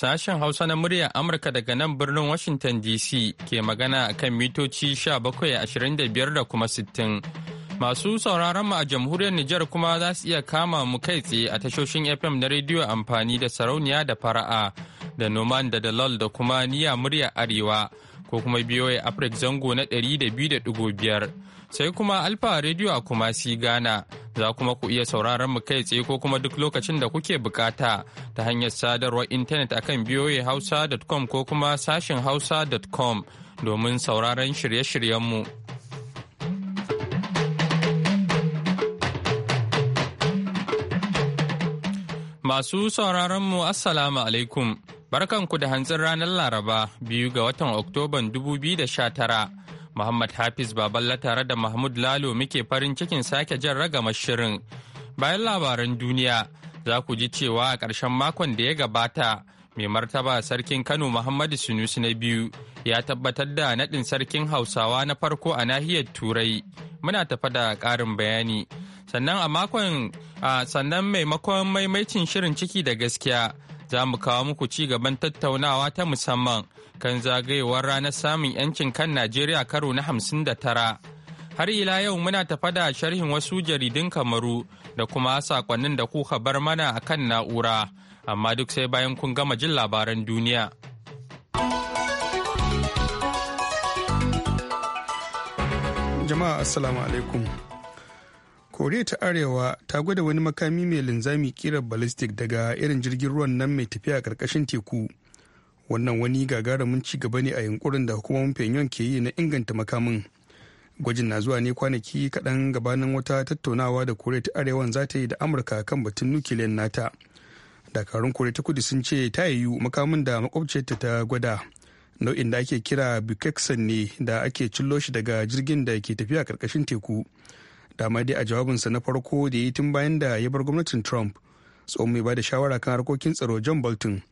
Sashen Hausa na murya Amurka daga nan birnin Washington DC ke magana a kan mitoci 1725 da kuma 60. Masu sauraron mu a jamhuriyar Nijar kuma za su iya kama mu kai tsaye a tashoshin FM na rediyo amfani da sarauniya da fara'a da Noman da Dalal da kuma Niya murya Arewa ko kuma BOA Afrik zango na 200.5. sai kuma Alfa Radio a Kumasi gana Za kuma ku iya sauraron mu kai tsaye ko kuma duk lokacin da kuke bukata ta hanyar sadarwar intanet akan hausa.com ko kuma sashin hausa.com domin sauraron shirye-shiryenmu. Masu sauraron mu Assalamu alaikum, barkanku da hantsin ranar Laraba biyu ga watan Oktoban 2019. Muhammad Hafiz Baballa tare da Mahmud Lalo muke farin cikin sake jan ragamar shirin. Bayan labaran duniya, za ku ji cewa a ƙarshen makon da ya gabata, mai martaba sarkin Kano Muhammadu Sunusi na biyu ya tabbatar da naɗin sarkin Hausawa na farko a nahiyar Turai. Muna tafa da ƙarin bayani. Sannan a makon sannan maimakon maimaicin shirin ciki da gaskiya za mu kawo muku ci gaban tattaunawa ta musamman kan zagayewar ranar samun 'yancin kan Najeriya karo na 59. Har ila yau muna tafa da sharhin wasu jaridun kamaru da kuma sakonnin da kuka bar mana a kan na'ura, amma duk sai bayan kun gama jin labaran duniya. Jama'a Assalamu alaikum. koriya ta arewa ta gwada wani makami mai linzami kirar ballistic daga irin jirgin ruwan nan mai tafiya a ƙarƙashin teku wannan wani gagarumin ci gaba ne a yunkurin da hukumomin pyongyang ke yi na inganta makamin gwajin na zuwa ne kwanaki kaɗan gabanin wata tattaunawa da koriya ta arewan za ta yi da amurka kan batun nukiliyan nata dakarun koriya ta kudu sun ce ta yiwu makamin da makwabciyarta ta gwada nau'in da ake kira bukeksan ne da ake cillo shi daga jirgin da ke tafiya karkashin teku dama dai a jawabinsa na farko da ya yi tun bayan da ya bar gwamnatin trump tsohon mai ba da shawara kan harkokin tsaro john bolton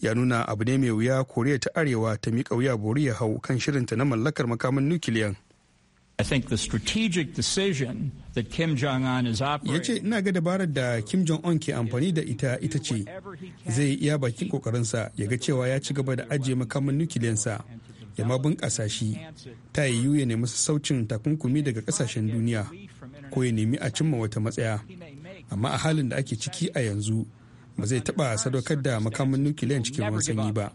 ya nuna abu ne mai wuya koriya ta arewa ta miƙa wuya bori ya hau kan shirinta na mallakar makaman nukiliyan ya ce ina ga dabarar da kim jong-un ke amfani da ita ita ce zai iya bakin kokarinsa ya ga cewa ya ci gaba da ajiye makaman nukiliyansa ya ma bunƙasa shi ta yiwu ya nemi sassaucin takunkumi daga ƙasashen duniya ko ya nemi a cimma wata matsaya amma a halin da ake ciki a yanzu ba zai taɓa sadaukar da makamin nukiliyan cikin wani sanyi ba.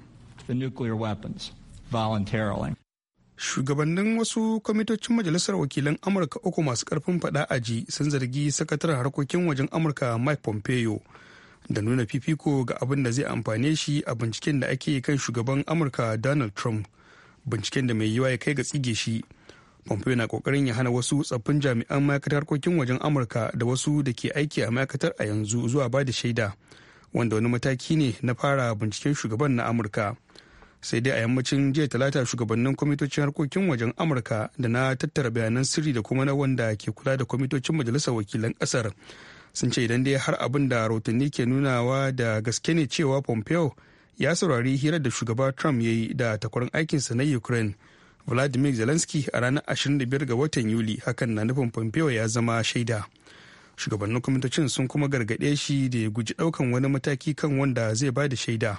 Shugabannin wasu kwamitocin Majalisar Wakilan Amurka uku masu karfin faɗa aji sun zargi sakataren harkokin wajen Amurka Mike Pompeo da nuna fifiko ga abin da zai amfane shi a binciken da ake kan shugaban Amurka Donald Trump, binciken da mai yiwa ya kai ga tsige shi. Pompeo na kokarin ya hana wasu tsaffin jami'an ma'aikatar harkokin wajen Amurka da wasu da ke aiki a ma'aikatar a yanzu zuwa ba da shaida wanda wani mataki ne na fara binciken shugaban na amurka sai dai a yammacin jiya talata shugabannin kwamitocin harkokin wajen amurka da na tattara bayanan sirri da kuma na wanda ke kula da kwamitocin majalisar wakilan kasar sun ce idan dai har abin da rahotanni ke nunawa da gaske ne cewa pompeo ya saurari hirar da shugaba trump ya yi da takwarar aikinsa na ukraine vladimir zelensky a ranar 25 ga watan yuli hakan na nufin pompeo ya zama shaida shugabannin kwamitocin sun kuma gargaɗe shi da ya guji ɗaukan wani mataki kan wanda zai ba da shaida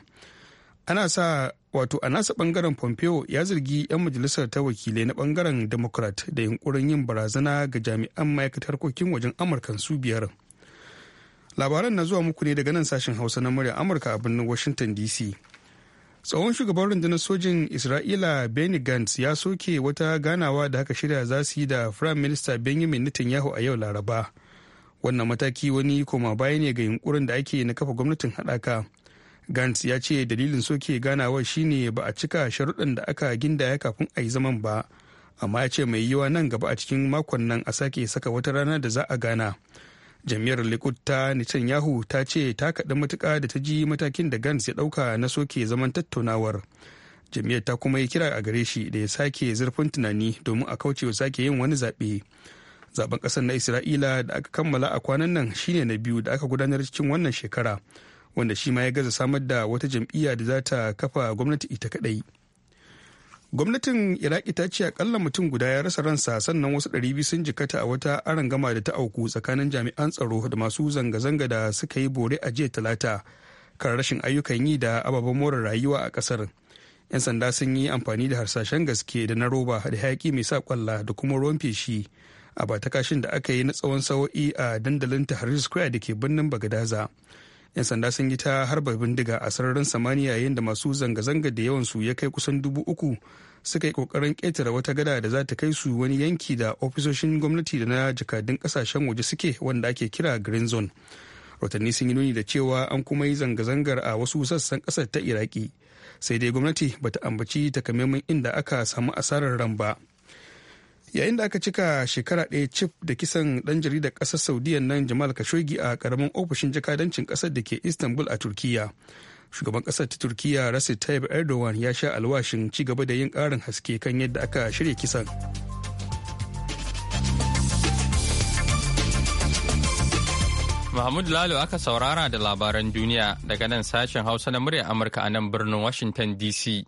ana sa wato a nasa bangaren pompeo ya zargi 'yan majalisar ta wakilai na bangaren democrat da yunkurin yin barazana ga jami'an ma'aikatar harkokin wajen amurka su biyar labaran na zuwa muku ne daga nan sashen hausa na murya amurka a birnin washington dc tsohon shugaban rundunar sojin isra'ila benny gantz ya soke wata ganawa da haka shirya za su yi da prime minista benjamin netanyahu a yau laraba wannan mataki wani koma baya ne ga yunkurin da ake na kafa gwamnatin haɗaka gantz ya ce dalilin soke ganawar shine ba a cika sharuɗan da aka gindaya kafin a yi zaman ba amma ya ce mai yiwa nan gaba a cikin makon nan a sake saka wata rana da za a gana jam'iyyar likud ta yahu ta ce ta kaɗa matuƙa da ta ji matakin da gantz ya ɗauka na soke zaman tattaunawar jam'iyyar ta kuma yi kira a gare shi da ya sake zurfin tunani domin a kauce wa sake yin wani zaɓe zaben kasar na isra'ila da aka kammala a kwanan nan shine na biyu da aka gudanar cikin wannan shekara wanda shi ma ya gaza samar da wata jam'iyya da za ta kafa gwamnati ita kadai gwamnatin iraki ta ce akalla mutum guda ya rasa ransa sannan wasu ɗari biyu sun jikata a wata gama da ta auku tsakanin jami'an tsaro da masu zanga-zanga da suka yi bore a jiya talata kan rashin ayyukan yi da ababen more rayuwa a kasar 'yan sanda sun yi amfani da harsashen gaske da na roba da hayaki mai sa kwalla da kuma ruwan feshi a batakashin da aka yi na tsawon sawo'i a dandalin tahrir square da ke birnin bagadaza yan sanda sun yi ta harba bindiga a sararin samaniya yayin da masu zanga-zanga da yawansu ya kai kusan dubu uku suka yi kokarin ƙetare wata gada da za ta kai su wani yanki da ofisoshin gwamnati da na jakadun kasashen waje suke wanda ake kira green zone rotanni sun yi nuni da cewa an kuma yi zanga-zangar a wasu sassan ƙasar ta iraki sai dai gwamnati bata ambaci takamaiman inda aka samu asarar ran ba yayin da aka cika shekara ɗaya cif da kisan ɗan jaridar ƙasar saudiya nan jamal kashogi a ƙaramin ofishin jakadancin ƙasar da ke istanbul a turkiya shugaban ƙasar ta turkiya rasid tayyip erdogan ya sha alwashin ci gaba da yin ƙarin haske kan yadda aka shirya kisan mahmud lalo aka saurara da labaran duniya daga nan sashen hausa na muryar amurka a nan birnin washington dc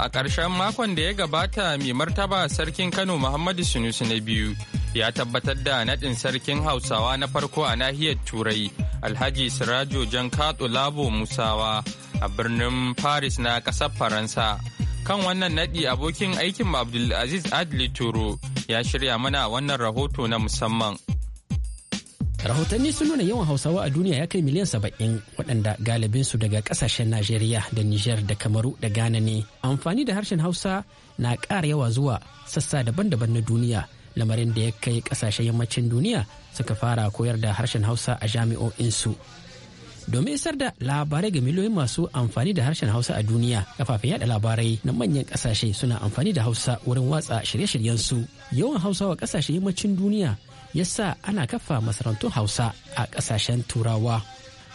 A ƙarshen makon da ya gabata mai martaba sarkin Kano Muhammadu Sunusi na biyu ya tabbatar da naɗin sarkin Hausawa na farko a nahiyar Turai Alhaji Sirajo jan Labo Musawa a birnin Paris na ƙasar Faransa. Kan wannan naɗi abokin aikin Abdulaziz Adli Turo ya shirya mana wannan rahoto na musamman. rahotanni sun nuna yawan hausawa a duniya ya kai miliyan saba'in waɗanda galibinsu daga ƙasashen najeriya da nijar da kamaru da ghana ne amfani da harshen hausa na ƙara yawa zuwa sassa daban-daban na duniya lamarin da ya kai ƙasashen yammacin duniya suka fara koyar da harshen hausa a jami'o'insu domin isar da labarai ga miliyoyin masu amfani da harshen hausa a duniya kafafen yada labarai na manyan kasashe suna amfani da hausa wurin watsa shirye-shiryensu yawan hausawa kasashe yammacin duniya yasa ana kafa masarantun hausa a ƙasashen turawa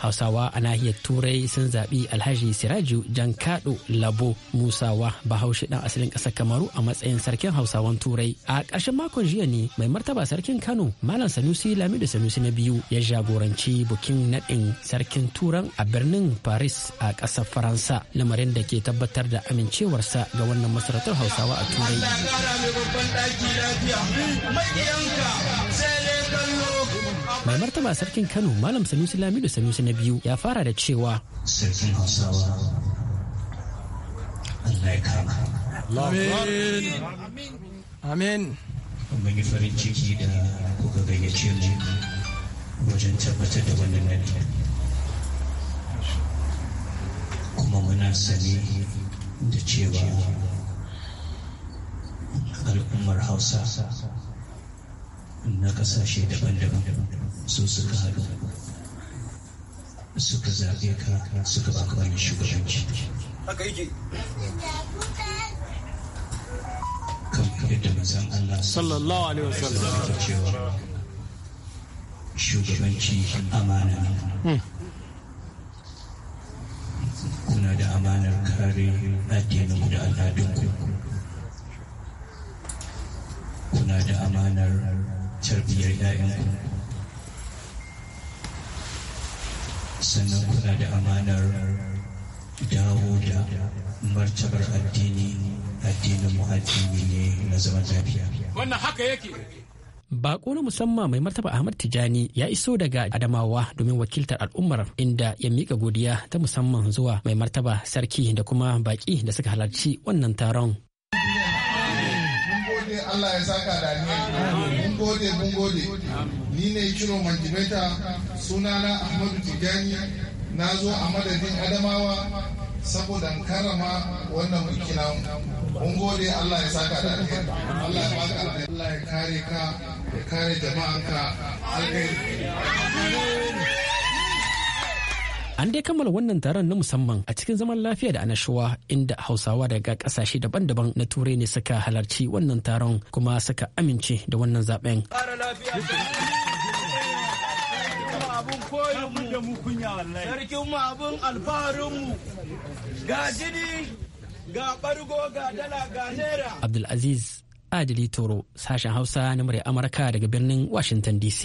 hausawa a nahiyar turai sun zaɓi alhaji siraju jankaɗo labo musawa bahaushe ɗan asalin ƙasar kamaru a matsayin sarkin hausawan turai a ƙarshen makon jiya ne mai martaba sarkin kano malam sanusi lamido sanusi na biyu ya jagoranci bukin naɗin sarkin turan a birnin paris a ƙasar faransa lamarin da ke tabbatar da amincewarsa ga wannan masarautar hausawa a turai. mai martaba sarkin kano malam sanusi lamido sanusi na biyu ya fara da cewa sarkin hausawa allah ya amin amin mun yi farin ciki da kuka gayyace mu wajen tabbatar da wannan nan, kuma muna sani da cewa al'ummar hausa na kasashe daban-daban su suka haɗu suka zaɓe ka suka ba ka wani shugabanci kan kamar da mazan Allah sallallahu alaihi wasallam cewa shugabanci amana hmm. kuna da amanar kare addinin da al'adunku kuna da amanar tarbiyyar 'ya'yanku sannan kuna da amanar dawo da martabar addini addinin mu ne na zaman lafiya wannan haka yake Bako na musamman mai martaba Ahmad Tijani ya iso daga Adamawa domin wakiltar al'ummar inda ya mika godiya ta musamman zuwa mai martaba sarki da kuma baki da suka halarci wannan taron. Allah ya saka da gode mun gode ni ne kiro manjimeta sunana ahmadu tijani na zo a madadin adamawa saboda karama wannan biki mun gode Allah ya saka da alheri Allah ya Allah ya kare ka ya kare jama'anka alheri An dai kammala wannan taron na musamman a cikin zaman lafiya da anashuwa inda Hausawa daga kasashe daban-daban na Turai ne suka halarci wannan taron kuma suka amince da wannan zaben. sarkin abun ga jini abdulaziz adili toro sashen hausa na murya amurka daga birnin washington dc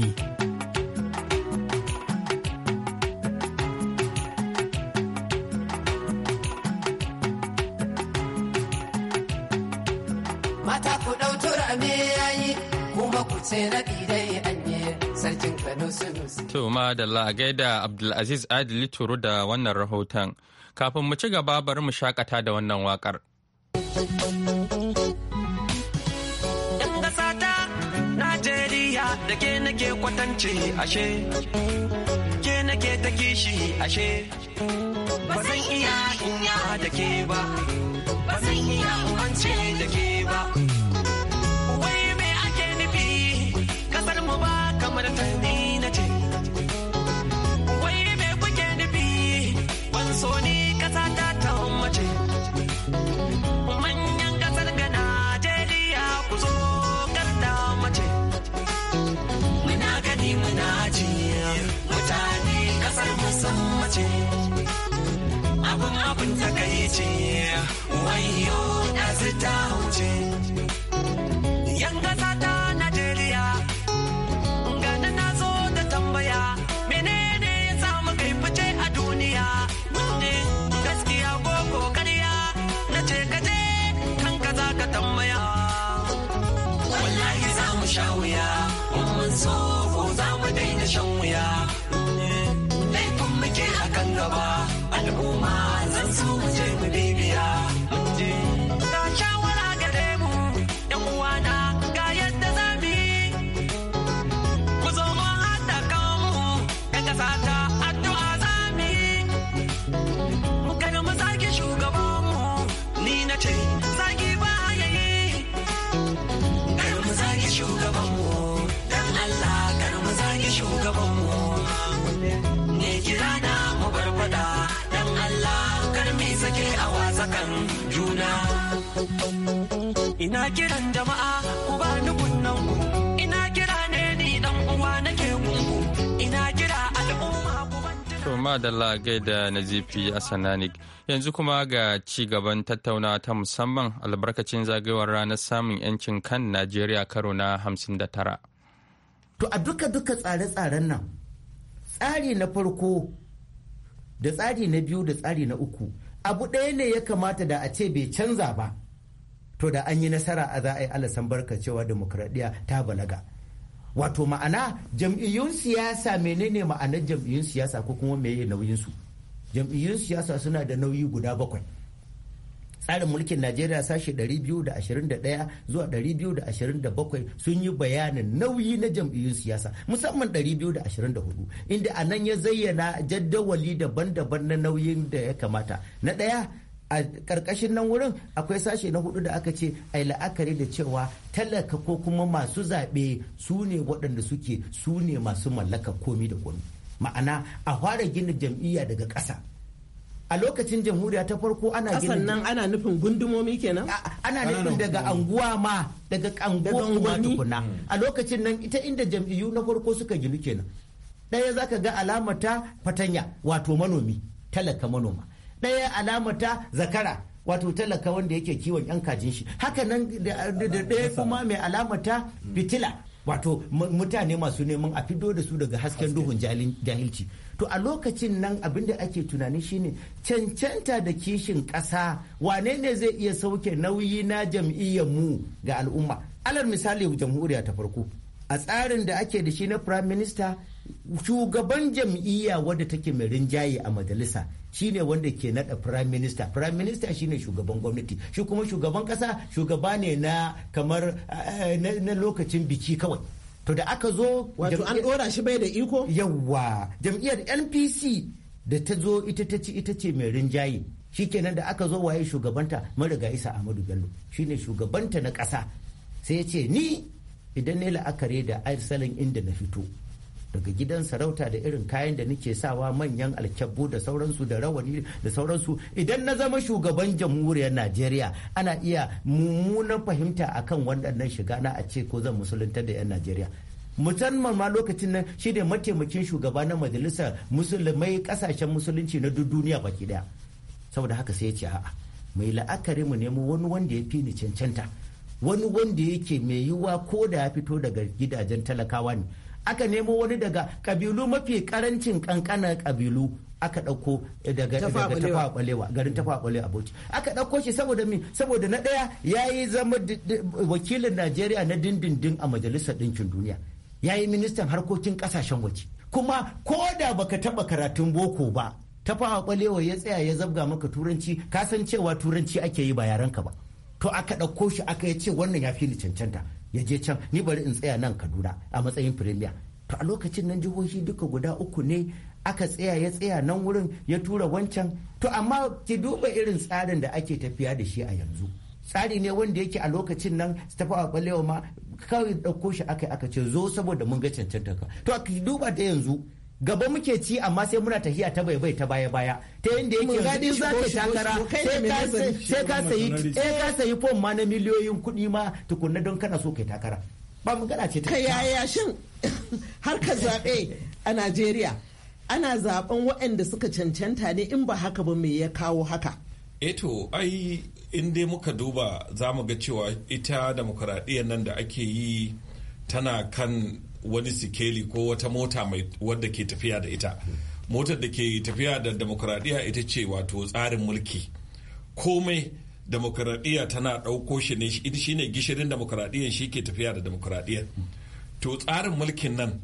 sai To ma da gaida Abdulaziz Adili turu da wannan rahoton. Kafin mu ci gaba bari mu shakata da wannan wakar. Yan ƙasa ta Najeriya da ke nake kwatance ashe, ke nake ta kishi ashe, ba zan iya inya da ke ba, ba zan iya umance da ke ba. mana tani wai me kuke nufi ban so ni kasa ta ta mace manyan kasar ga Najeriya ku zo mace muna gani muna ji mutane kasar musan mace abun abun takaici wayo ɗazu ta wuce soul. kiran jama'a ku ba ni kunnan yanzu kuma ga ci gaban tattauna ta musamman albarkacin zagayowar ranar samun 'yancin kan Najeriya karo na 59. To a duka-duka tsare-tsaren nan tsari na farko da tsari na biyu da tsari na uku abu ɗaya ne ya kamata da a ce bai canza ba to da an yi nasara a za a yi alasan barka cewa demokuraɗiyya ta balaga wato ma'ana jam'iyyun siyasa menene ma'anar jam'iyyun siyasa ko kuma meye nauyinsu jam'iyyun siyasa suna da nauyi guda bakwai tsarin mulkin najeriya sashe 221 zuwa 227 sun yi bayanin nauyi na jam'iyyun siyasa musamman 224 inda anan ya zayyana jaddawali daban-daban na nauyin da ya kamata na ɗaya a karkashin nan wurin akwai sashe na hudu da aka ce ai la'akari da cewa talaka ko kuma masu zaɓe su ne waɗanda suke su ne masu mallaka komi da komi ma'ana a fara gina jam'iyya daga ƙasa a lokacin jamhuriya ta farko ana gina nan ana nufin gundumomi kenan ana nufin daga anguwa ma daga anguwa tukuna hmm. a lokacin nan ita inda jam'iyyu na farko suka gina kenan ɗaya zaka ga alamata fatanya wato manomi talaka manoma ɗaya alamar ta zakara wato talaka wanda yake kiwon yan kajin shi haka nan da ɗaya kuma mai alamar ta fitila wato mutane masu neman a fido da su daga hasken duhun jahilci to a lokacin nan abin da ake tunani shine cancanta da kishin ƙasa wane ne zai iya sauke nauyi na jam'iyyar mu ga al'umma alal misali jamhuriya ta farko a tsarin da ake da shi na prime minister shugaban jam'iyya wadda take mai rinjaye a majalisa shine wanda ke nada prime minister prime minister shine shugaban gwamnati shi kuma shugaban kasa shugaba ne na kamar eh, na lokacin biki kawai to da aka zo wato an dora shi bai da iko yawa jam'iyyar npc da ta zo ita ta ci ita ce mai rinjaye shi shikenan da aka zo waye shugabanta mariga isa Amadu bello shine shugabanta na kasa sai ya ce ni idan ne la'akari da asalin inda na fito daga gidan sarauta da irin kayan da nake sawa manyan alkyabbu da sauransu da rawani da sauransu idan na zama shugaban jamhuriyar najeriya ana iya mummunan fahimta akan waɗannan shiga na a ce ko zan musulunta da 'yan najeriya musamman ma lokacin nan shi ne mataimakin shugaba na majalisar musulmai kasashen musulunci na duk duniya baki daya saboda haka sai ya ce a'a mai la'akari mu nemo wani wanda ya fi ni cancanta wani wanda yake mai yiwuwa ko da ya fito daga gidajen talakawa ne aka nemo wani daga kabilu mafi karancin kankanar kabilu aka ɗauko daga tafaɓalewa garin tafaɓalewa a bauchi aka ɗauko shi saboda mi saboda na ɗaya ya yi zama wakilin najeriya na dindindin a majalisar ɗinkin duniya ya yi ministan harkokin ƙasashen waje kuma ko da baka taɓa karatun boko ba tafawa ya tsaya ya zabga maka turanci ka san cewa turanci ake yi ba yaranka ba to aka ɗauko shi aka ya ce wannan ya fi ni cancanta ya je can ni bari in tsaya nan kaduna a matsayin firimiya to a lokacin nan jihohi duka guda uku ne aka tsaya ya tsaya nan wurin ya tura wancan to amma ki duba irin tsarin da ake tafiya da shi a yanzu tsari ne wanda yake a lokacin nan tafawa balewa ma kawai ɗauko shi aka aka ce zo saboda mun ga cancanta ka to ki duba da yanzu gaba muke ci amma sai muna tahiya ta baibai ta baya baya ta yadda yake gadi za ka takara sai ka sayi sai ka sayi fom ma na miliyoyin kuɗi ma tukunna don kana so kai takara ba magana ce ta yaya shin harkar zaɓe a Najeriya ana zaɓen waɗanda suka cancanta ne in ba haka ba me ya kawo haka eto eh ai in dai muka duba za ga cewa ita demokuraɗiyyar nan da ake yi tana kan wani sikeli ko wata mota mai wadda ke tafiya da ita motar da ke tafiya da demokuraɗiyya ita ce wato tsarin mulki komai demokuraɗiyya tana ɗauko shi ne shi ne gishirin demokuraɗiyyar shi ke tafiya da demokuraɗiyyar to tsarin mulkin nan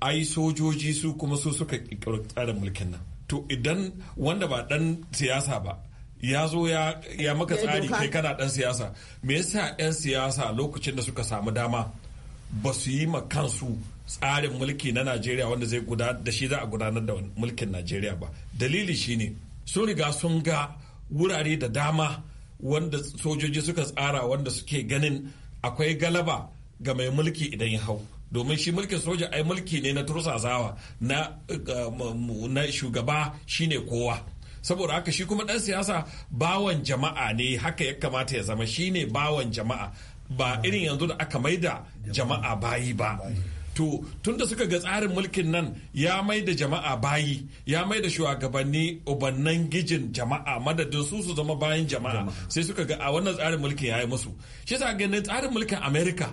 ai sojoji su kuma su suka ƙirƙiri tsarin mulkin nan to idan wanda ba ɗan siyasa ba ya zo ya maka tsari kai kana ɗan siyasa me yasa 'yan siyasa lokacin da suka samu dama ba su yi ma kansu tsarin mulki na najeriya wanda zai da shi za a gudanar da mulkin najeriya ba dalili shine sun riga sun ga wurare da dama wanda sojoji suka tsara wanda suke ganin akwai galaba ga mai mulki idan ya hau domin shi mulkin soja ai mulki ne na Tursazawa na shugaba shine kowa saboda haka shi kuma ɗan siyasa bawan jama'a ne haka ya kamata ya zama shine bawan jama'a ba irin yanzu da aka maida jama'a bayi ba to tunda suka ga tsarin mulkin nan ya mai da jama'a bayi ya mai da shugabanni ubannan gijin jama'a madadin su su zama bayan jama'a sai suka ga a wannan tsarin mulkin ya musu shi sa ganin tsarin mulkin america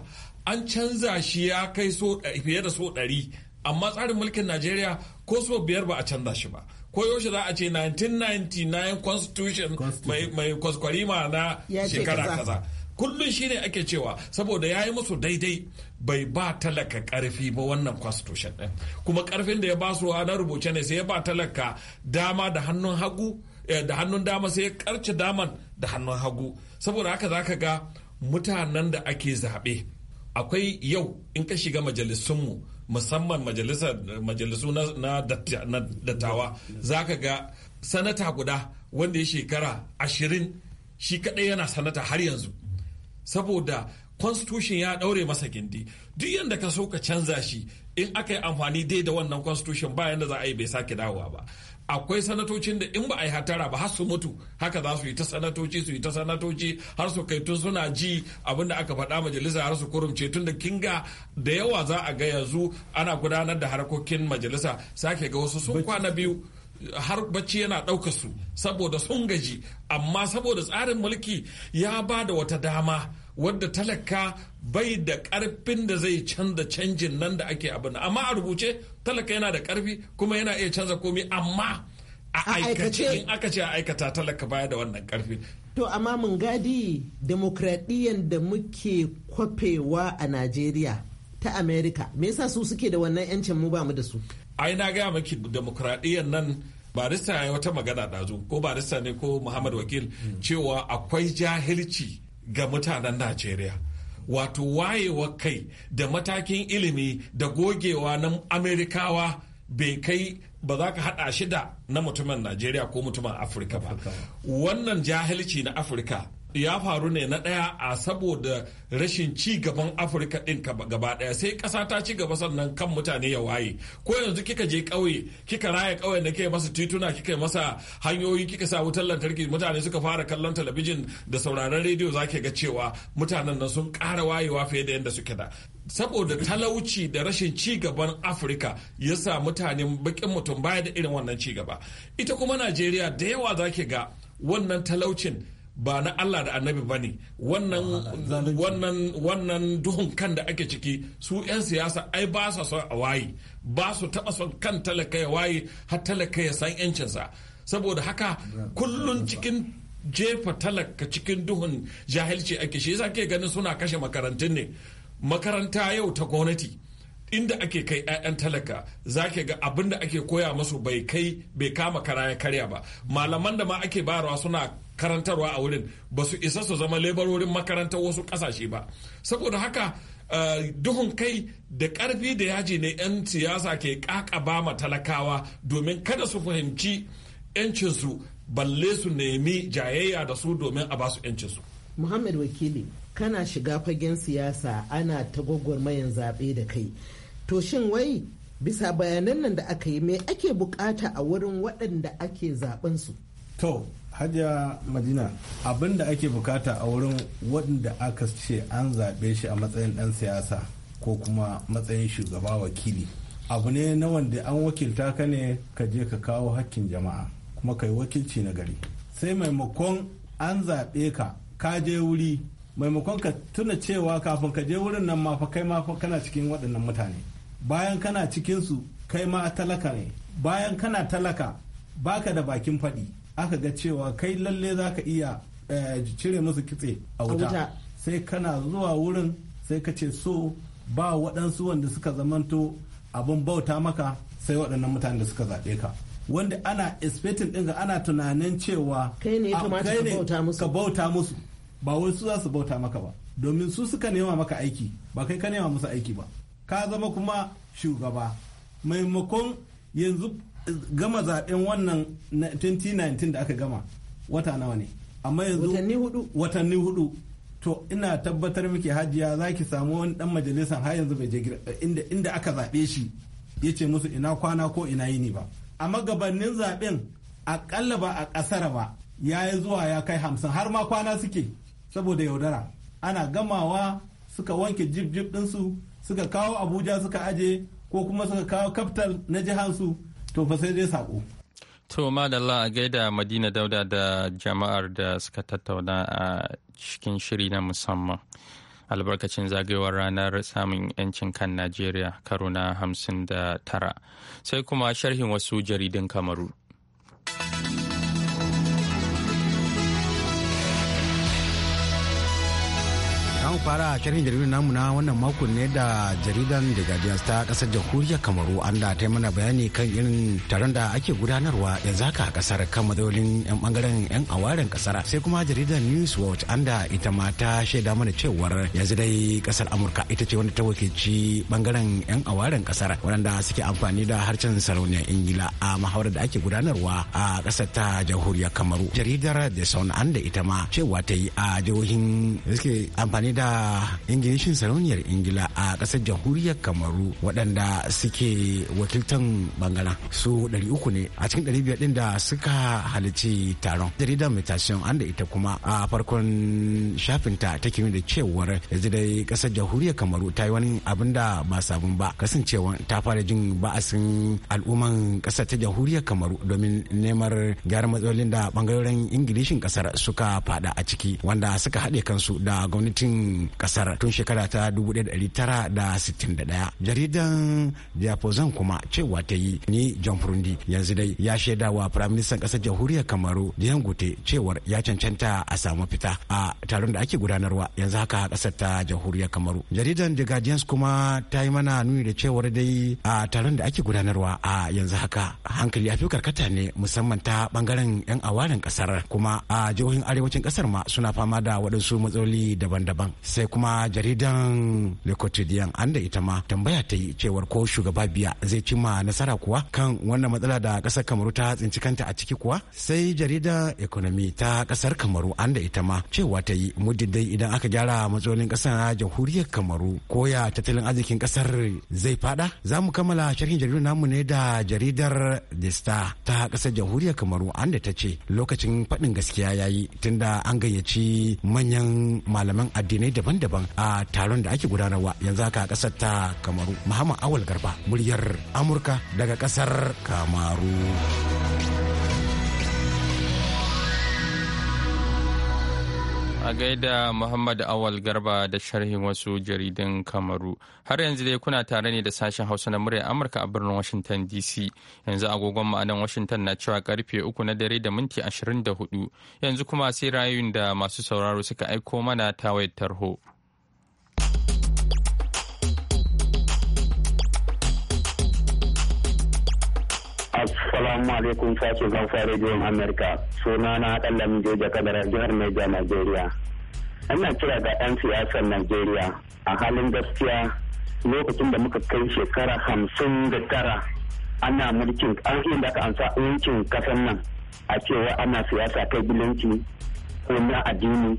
an canza shi ya kai so eh, fiye da so ɗari amma tsarin mulkin najeriya ko so biyar ba a canza shi ba ko yaushe za a ce 1999 constitution mai kwaskwarima na shekara kaza kullum shine ake cewa saboda ya yi musu daidai bai ba talaka karfi ba wannan constitution din kuma karfin da ya ba su na rubuce ne sai ya ba talaka dama da hannun hagu eh, da hannun dama sai ya karce daman da hannun hagu saboda haka zaka ga mutanen da ake zaɓe akwai yau in ka shiga majalisunmu musamman majalisu na dattawa za ka ga sanata guda wanda ya shekara ashirin shi kaɗai yana sanata har yanzu saboda constitution ya ɗaure masa gindi duk yadda ka so ka canza shi in aka yi amfani dai da wannan constitution ba yadda za a yi bai sake dawowa ba akwai sanatocin da in ba a yi hatara ba har su mutu haka za su yi ta sanatoci su yi ta sanatoci har su kai tun suna ji abin da aka faɗa majalisa har su kurumce tun da kinga da yawa za a ga yanzu ana gudanar da harkokin majalisa sake ga wasu sun kwana biyu har bacci yana ɗauka su saboda sun gaji amma saboda tsarin mulki ya ba da wata dama wadda talaka bai da ƙarfin da zai canza canjin nan da ake abin amma a rubuce talaka yana da karfi kuma yana iya canza komi amma a aikace in aka ce a aikata talaka baya da wannan karfi to amma mun gadi demokradiyyar da muke kwafewa a najeriya ta Amerika me yasa su suke da wannan yancin mu ba mu da su ai na gaya maki demokradiyyar nan barista ya wata magana ɗazu ko barista ne ko muhammad wakil cewa akwai jahilci ga mutanen najeriya wato wayewa kai da matakin ilimi da gogewa na amerikawa bai kai ba za ka haɗa shi da na mutumin najeriya ko mutumin afirka ba wannan jahilci na afirka ya faru ne na ɗaya a saboda rashin ci gaban afirka ɗin gaba ɗaya sai ƙasa ta ci gaba sannan kan mutane ya waye ko yanzu kika je ƙauye kika raya ƙauyen na ke masa tituna kika masa hanyoyi kika sa wutar lantarki mutane suka fara kallon talabijin da sauraron rediyo za ga cewa mutanen nan sun ƙara wayewa fiye da yadda suke da saboda talauci da rashin ci gaban afirka ya sa mutane bakin mutum baya da irin wannan ci gaba ita kuma najeriya da yawa za ga wannan talaucin ba na Allah da annabi ba ne wannan duhun kan da ake ciki su 'yan siyasa ai ba sa son a waye ba su taɓa son kan talaka ya waye har talaka ya san 'yancinsa saboda haka kullum cikin jefa talaka cikin duhun jahilci ake shi yasa ke ganin suna kashe makarantun ne makaranta yau ta gwamnati inda ake kai 'ya'yan talaka zake ga abin da ake koya masu bai kai bai kama kara ya karya ba malaman da ma ake bayarwa suna karantarwa a wurin ba su isa su zama lebarorin makarantar wasu kasashe ba saboda haka eh, duhun kai da karfi da yaji ne 'yan siyasa ke kakaba ma talakawa domin kada su fahimci 'yancinsu balle su nemi jayayya da su domin a basu 'yancinsu muhammad wakili kana shiga fagen siyasa ana ta gwagwarmayan zaɓe da kai to shin wai bisa bayanan nan da aka yi me ake bukata a wurin waɗanda ake zaɓen su to hajiya madina abin da ake bukata a wurin waɗanda aka ce an zaɓe shi a matsayin ɗan siyasa ko kuma matsayin shugaba wakili abu ne na wanda an wakilta ka ne ka je ka kawo hakkin jama'a kuma ka yi wakilci na gari sai maimakon an zaɓe ka ka je wuri maimakon ka tuna cewa kafin ka je wurin nan mafa kai mafa kana cikin waɗannan mutane bayan kana cikinsu kai ma talaka ne bayan kana talaka baka da bakin faɗi aka ga cewa kai lalle za ka iya eh, cire musu kitse a wuta sai kana zuwa wurin sai ka ce so ba waɗansu wanda suka zamanto abin bauta maka sai waɗannan mutanen da suka zaɓe ka wanda ana expecting ga ana tunanin cewa kai ne ka bauta musu ba wai su za su bauta maka ba domin su suka nema maka aiki ba kai ka nema musu aiki ba ka zama kuma shugaba maimakon yanzu gama zaben wannan 2019 da aka gama wata nawa ne amma yanzu watanni hudu to ina tabbatar miki hajiya za ki samu wani ɗan majalisar har yanzu bai je inda inda aka zaɓe shi ya ce musu ina kwana ko ina yini ba amma gabanin zaɓen akalla ba a kasara ba ya yi zuwa ya kai hamsin har ma kwana suke saboda yaudara ana gamawa suka wanke jib jib ɗinsu suka kawo abuja suka aje ko kuma suka kawo kaftal na jihansu to fa sai dai sako. To madalla a gaida Madina Dauda da jama'ar da suka tattauna a cikin shiri na musamman. albarkacin zagayowar ranar samun 'yancin kan Najeriya karo na tara sai kuma sharhin wasu jaridun Kamaru. za mu fara shirin jaridar namu na wannan makon ne da jaridan da guardians ta kasar jamhuriyar kamaru an da ta mana bayani kan irin taron da ake gudanarwa yanzu haka a kasar kan matsalolin yan bangaren yan awaren kasar sai kuma jaridar news watch an da ita ma ta shaida mana cewar yanzu dai kasar amurka ita ce wanda ta wakilci bangaren yan awaren kasar wanda suke amfani da harshen sarauniyar ingila a muhawarar da ake gudanarwa a kasar ta jamhuriyar kamaru jaridar the sun an da ita ma cewa ta yi a jihohin da suke amfani da ingilishin sarauniyar ingila a kasar jamhuriyar kamaru waɗanda suke wakiltan bangaren su 300 ne a cikin 500 ɗin da suka halici taron jaridar mutation an da ita kuma a farkon shafinta ta kimi da cewar yanzu dai ƙasar jamhuriyar kamaru ta yi wani abin da ba sabon ba kasancewa ta fara jin ba'asin al'umman kasar ta jamhuriyar kamaru domin neman gyara matsalolin da bangarorin ingilishin kasar suka fada a ciki wanda suka haɗe kansu da gwamnatin kasar tun shekara ta 1961 jaridan diapozan kuma cewa ta yi ni john furundi yanzu dai ya shaida wa firaministan kasar jamhuriyar kamaru gute cewar ya cancanta a samu fita a taron da ake gudanarwa yanzu haka kasar ta jamhuriyar kamaru jaridan the guardians kuma ta yi mana nuni da cewar dai a taron da ake gudanarwa a yanzu haka hankali ya fi karkata ne musamman ta bangaren yan awarin kasar kuma a jihohin arewacin kasar ma suna fama da waɗansu matsaloli daban-daban sai kuma jaridan le quotidien an da ita ma tambaya ta yi cewar ko shugaba biya zai cimma nasara kuwa kan wannan matsala da kasar kamaru ta tsinci kanta a ciki kuwa sai jaridar economy ta kasar kamaru an da ita ma cewa ta yi muddin dai idan aka gyara matsalolin kasar jamhuriyar kamaru ko ya tattalin arzikin kasar zai fada za mu kammala sharhin jaridar namu ne da jaridar the star ta kasar jamhuriyar kamaru an da ta ce lokacin faɗin gaskiya ya yi tunda an gayyaci manyan malaman addinai bayanai daban-daban a taron da ake gudanarwa yanzu haka a ƙasar ta kamaru muhammad awal garba muryar amurka daga ƙasar kamaru. A gaida Muhammad Awal Garba da sharhin wasu jaridun Kamaru. Har yanzu dai kuna tare ne da sashen Hausa na muryar Amurka a birnin Washington DC. Yanzu agogon ma'anan Washington na cewa karfe uku na dare da minti 24. Yanzu kuma sai rayun da masu sauraro suka aiko mana ta wayar tarho. Assalamu alaikum sashen Hausa rediyon Amerika. Suna na Adalla Mijo Jakadar jihar Niger Nigeria. ina kira ga 'yan siyasar Nigeria a halin gaskiya lokacin da muka kai shekara hamsin da tara ana mulkin an da ansa yankin kasan nan a cewa ana siyasa kai bilanci ko na addini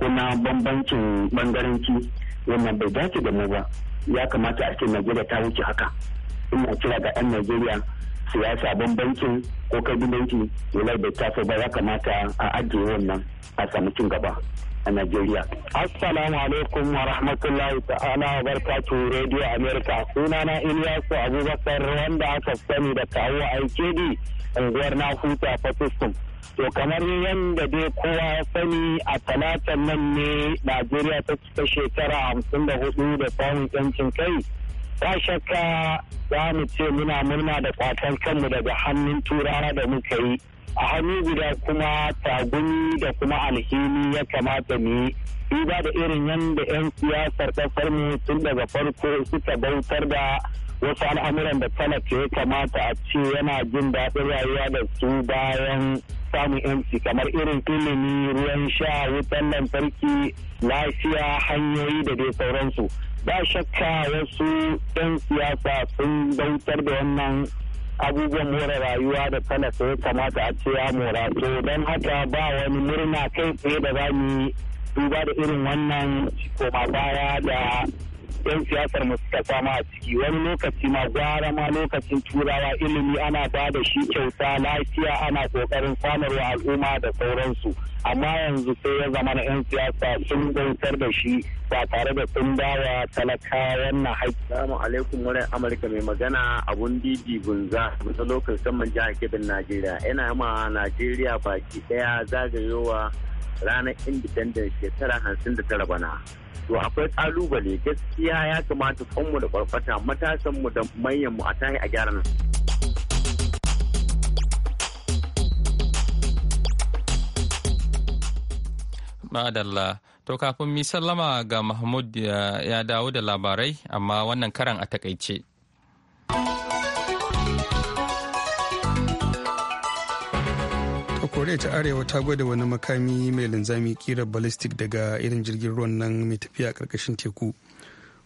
ko na bambancin bangaranci wannan bai dace da mu ba ya kamata a ce Najeriya ta wuce haka ina kira ga 'yan Najeriya siyasa bambancin ko kabilanci yana da tafi ba ya kamata a ajiye wannan a samu cin gaba a Najeriya. Assalamu alaikum wa rahmatullahi ta'ala wa barkatu Radio America. Sunana Ilyasu Abubakar wanda aka sani da kawo aikedi unguwar na huta system. To kamar yadda dai kowa ya sani a talatan nan ne Najeriya ta cika shekara hamsin da hudu da samun yancin kai. ba shakka za mu ce muna murna da kwatan kanmu daga hannun turawa da muka yi a hannu guda kuma tagumi da kuma alhini ya kamata mu yi duba da irin yadda 'yan siyasar kasar mu tun daga farko suka bautar da wasu al'amuran da talaka ya kamata a ce yana jin daɗin rayuwa da su bayan samun yanci kamar irin ilimi ruwan sha wutan lantarki lafiya hanyoyi da dai sauransu ba shakka wasu 'yan siyasa sun bautar da wannan abubuwan more rayuwa da talaka ya kamata a ce ya mora to don haka ba wani murna kai tsaye da za mu duba da irin wannan koma baya da 'yan siyasar mu suka sama a ciki wani lokaci ma gwara ma lokacin turawa ilimi ana ba da shi kyauta lafiya ana kokarin samarwa al'umma da sauransu amma yanzu sai ya zama na 'yan siyasa sun gautar da shi ba tare da sun bawa talaka wannan haƙƙi. Salamu alaikum wurin Amurka mai magana abun didi gunza wata lokacin saman jihar Kebbi Najeriya yana ma Najeriya baki ɗaya zagayowa ranar independence shekara hamsin da tara bana. to akwai kalubale gaskiya ya kamata kanmu da matasan matasanmu da manyan mu a tahi a gyara nan. Madalla, to kafin mi sallama ga Mahmud ya dawo da labarai amma wannan karan a takaice. koriya ta arewa ta gwada wani makami mai linzami kira ballistic daga irin jirgin ruwan nan mai tafiya karkashin teku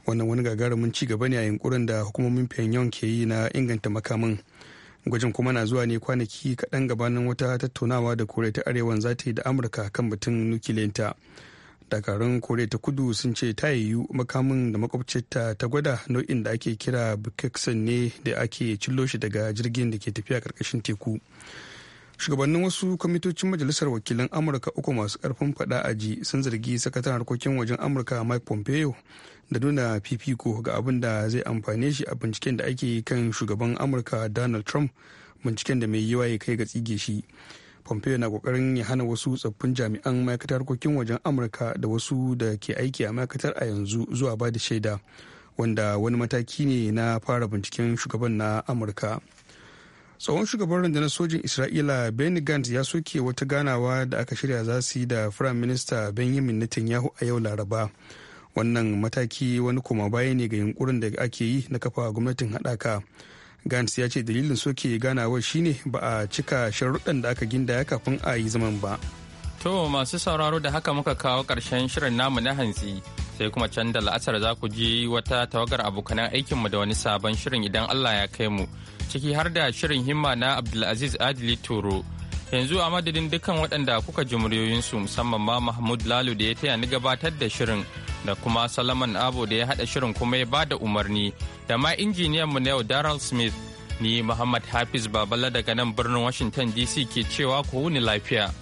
wannan wani gagarumin ci gaba ne a yunkurin da hukumomin pyongyang ke yi na inganta makamin gwajin kuma na zuwa ne kwanaki kaɗan gabanin wata tattaunawa da koriya ta arewan za ta yi da amurka kan batun nukiliyanta dakarun koriya ta kudu sun ce ta yiwu makamin da makwabcinta ta gwada nau'in da ake kira bukekson ne da ake cillo shi daga jirgin da ke tafiya karkashin teku shugabannin wasu kwamitocin majalisar wakilan amurka uku masu karfin fada a ji sun zargi sakataren harkokin wajen amurka mike pompeo da nuna fifiko ga abin da zai amfane shi a binciken da ake kan shugaban amurka donald trump binciken da mai yiwa ya kai ga tsige shi pompeo na kokarin ya hana wasu tsaffin jami'an ma'aikatar harkokin wajen amurka da wasu da ke aiki a ma'aikatar a yanzu zuwa ba da shaida wanda wani mataki ne na fara binciken shugaban na amurka tsohon shugaban rundunar sojin isra'ila benny gantz ya soke wata ganawa da aka shirya za su yi da firayim minista benjamin netanyahu a yau laraba wannan mataki wani koma baya ne ga yunkurin da ake yi na kafa gwamnatin haɗaka gantz ya ce dalilin soke ganawar shine ba a cika sharuɗan da aka gindaya kafin a yi zaman ba. To masu sauraro da haka muka kawo ƙarshen shirin namu na hantsi sai kuma can da la'asar za ku ji wata tawagar abokanan aikinmu da wani sabon shirin idan Allah ya kai mu ciki har da shirin himma na Abdulaziz Adili Turo. Yanzu a madadin dukkan waɗanda kuka ji muryoyinsu musamman ma Mahmud Lalu da ya taya ni gabatar da shirin da kuma Salaman Abo da ya haɗa shirin kuma ya bada umarni da ma injiniyan mu na yau Daryl Smith ni Muhammad Hafiz Babala daga nan birnin Washington DC ke cewa ku wuni lafiya.